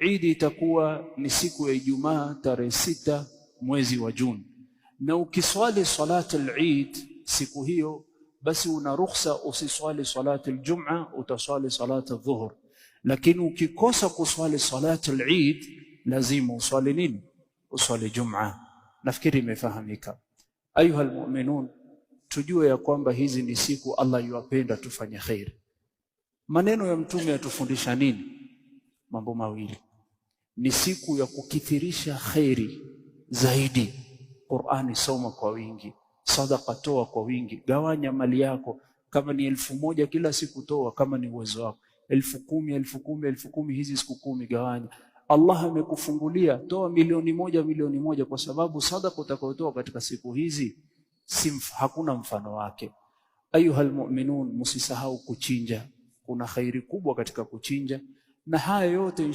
Idi itakuwa ni siku ya Ijumaa tarehe sita mwezi wa Juni, na ukiswali salati al-Eid siku hiyo, basi una ruhusa usiswali salati al-Jum'a, utaswali salati adh-Dhuhr. Lakini ukikosa kuswali salati al-Eid, lazima uswali nini? Uswali Jum'a. Nafikiri imefahamika. Ayuha almu'minun, tujue ya kwamba hizi ni siku Allah yuwapenda tufanye khairi. Maneno ya Mtume yatufundisha nini? mambo mawili, ni siku ya kukithirisha kheri zaidi. Qur'ani soma kwa wingi, sadaka toa kwa wingi, gawanya mali yako. Kama ni elfu moja kila siku toa, kama ni uwezo wako elfu kumi elfu kumi elfu kumi hizi siku kumi gawanya. Allah amekufungulia toa milioni moja milioni moja, kwa sababu sadaka utakayotoa katika siku hizi simf, hakuna mfano wake. Ayuha almu'minun, musisahau kuchinja. Kuna khairi kubwa katika kuchinja. na haya yote insha